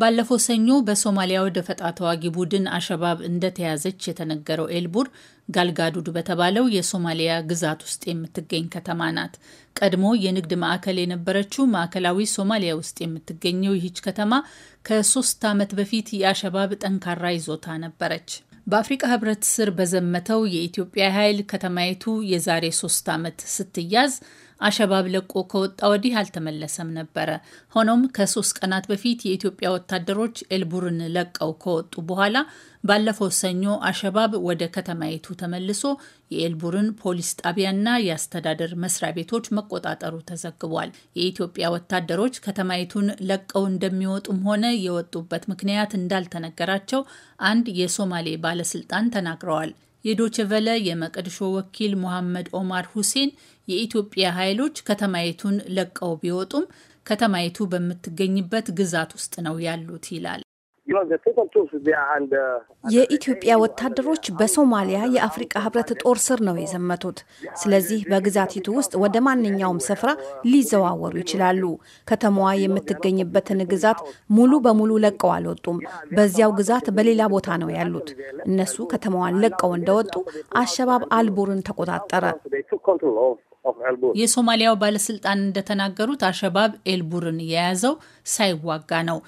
ባለፈው ሰኞ በሶማሊያው ደፈጣ ተዋጊ ቡድን አሸባብ እንደተያዘች የተነገረው ኤልቡር ጋልጋዱድ በተባለው የሶማሊያ ግዛት ውስጥ የምትገኝ ከተማ ናት። ቀድሞ የንግድ ማዕከል የነበረችው ማዕከላዊ ሶማሊያ ውስጥ የምትገኘው ይህች ከተማ ከሶስት ዓመት በፊት የአሸባብ ጠንካራ ይዞታ ነበረች። በአፍሪቃ ህብረት ስር በዘመተው የኢትዮጵያ ኃይል ከተማይቱ የዛሬ ሶስት ዓመት ስትያዝ አሸባብ ለቆ ከወጣ ወዲህ አልተመለሰም ነበረ። ሆኖም ከሶስት ቀናት በፊት የኢትዮጵያ ወታደሮች ኤልቡርን ለቀው ከወጡ በኋላ ባለፈው ሰኞ አሸባብ ወደ ከተማይቱ ተመልሶ የኤልቡርን ፖሊስ ጣቢያና የአስተዳደር መስሪያ ቤቶች መቆጣጠሩ ተዘግቧል። የኢትዮጵያ ወታደሮች ከተማይቱን ለቀው እንደሚወጡም ሆነ የወጡበት ምክንያት እንዳልተነገራቸው አንድ የሶማሌ ባለስልጣን ተናግረዋል። የዶችቨለ የመቀድሾ ወኪል ሞሐመድ ኦማር ሁሴን የኢትዮጵያ ኃይሎች ከተማይቱን ለቀው ቢወጡም ከተማይቱ በምትገኝበት ግዛት ውስጥ ነው ያሉት ይላል። የኢትዮጵያ ወታደሮች በሶማሊያ የአፍሪቃ ህብረት ጦር ስር ነው የዘመቱት። ስለዚህ በግዛቲቱ ውስጥ ወደ ማንኛውም ስፍራ ሊዘዋወሩ ይችላሉ። ከተማዋ የምትገኝበትን ግዛት ሙሉ በሙሉ ለቀው አልወጡም። በዚያው ግዛት በሌላ ቦታ ነው ያሉት። እነሱ ከተማዋን ለቀው እንደወጡ አሸባብ አልቡርን ተቆጣጠረ። የሶማሊያው ባለስልጣን እንደተናገሩት አሸባብ ኤልቡርን የያዘው ሳይዋጋ ነው።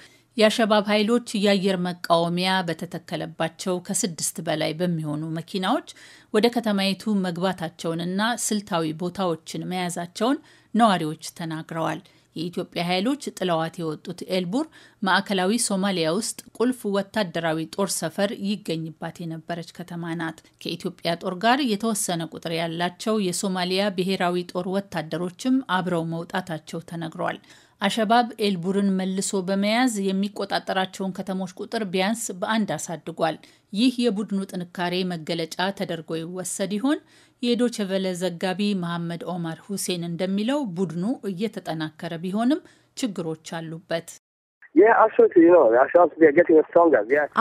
የአሸባብ ኃይሎች የአየር መቃወሚያ በተተከለባቸው ከስድስት በላይ በሚሆኑ መኪናዎች ወደ ከተማይቱ መግባታቸውንና ስልታዊ ቦታዎችን መያዛቸውን ነዋሪዎች ተናግረዋል። የኢትዮጵያ ኃይሎች ጥለዋት የወጡት ኤልቡር ማዕከላዊ ሶማሊያ ውስጥ ቁልፍ ወታደራዊ ጦር ሰፈር ይገኝባት የነበረች ከተማ ናት። ከኢትዮጵያ ጦር ጋር የተወሰነ ቁጥር ያላቸው የሶማሊያ ብሔራዊ ጦር ወታደሮችም አብረው መውጣታቸው ተነግሯል። አሸባብ ኤልቡርን መልሶ በመያዝ የሚቆጣጠራቸውን ከተሞች ቁጥር ቢያንስ በአንድ አሳድጓል። ይህ የቡድኑ ጥንካሬ መገለጫ ተደርጎ ይወሰድ ይሆን? የዶቸቨለ ዘጋቢ መሐመድ ኦማር ሁሴን እንደሚለው ቡድኑ እየተጠናከረ ቢሆንም ችግሮች አሉበት።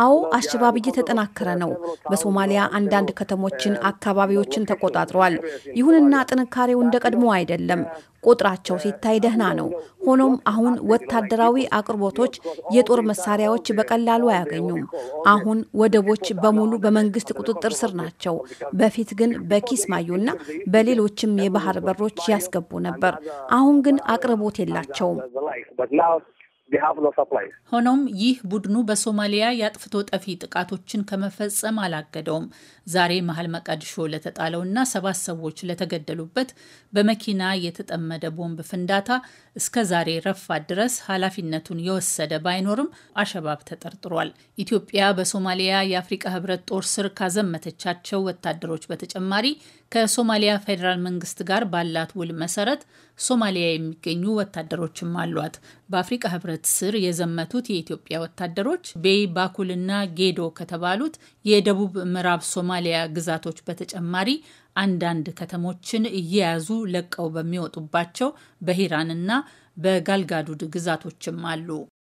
አዎ አሸባብ እየተጠናከረ ነው። በሶማሊያ አንዳንድ ከተሞችን፣ አካባቢዎችን ተቆጣጥሯል። ይሁንና ጥንካሬው እንደ ቀድሞ አይደለም። ቁጥራቸው ሲታይ ደህና ነው። ሆኖም አሁን ወታደራዊ አቅርቦቶች፣ የጦር መሳሪያዎች በቀላሉ አያገኙም። አሁን ወደቦች በሙሉ በመንግስት ቁጥጥር ስር ናቸው። በፊት ግን በኪስማዩና በሌሎችም የባህር በሮች ያስገቡ ነበር። አሁን ግን አቅርቦት የላቸውም። ሆኖም ይህ ቡድኑ በሶማሊያ የአጥፍቶ ጠፊ ጥቃቶችን ከመፈጸም አላገደውም። ዛሬ መሀል መቃድሾ ለተጣለውና ሰባት ሰዎች ለተገደሉበት በመኪና የተጠመደ ቦምብ ፍንዳታ እስከ ዛሬ ረፋድ ድረስ ኃላፊነቱን የወሰደ ባይኖርም አሸባብ ተጠርጥሯል። ኢትዮጵያ በሶማሊያ የአፍሪቃ ህብረት ጦር ስር ካዘመተቻቸው ወታደሮች በተጨማሪ ከሶማሊያ ፌዴራል መንግስት ጋር ባላት ውል መሰረት ሶማሊያ የሚገኙ ወታደሮችም አሏት። በአፍሪቃ ህብረት መሰረት ስር የዘመቱት የኢትዮጵያ ወታደሮች ቤይ ባኩልና ጌዶ ከተባሉት የደቡብ ምዕራብ ሶማሊያ ግዛቶች በተጨማሪ አንዳንድ ከተሞችን እየያዙ ለቀው በሚወጡባቸው በሂራንና በጋልጋዱድ ግዛቶችም አሉ።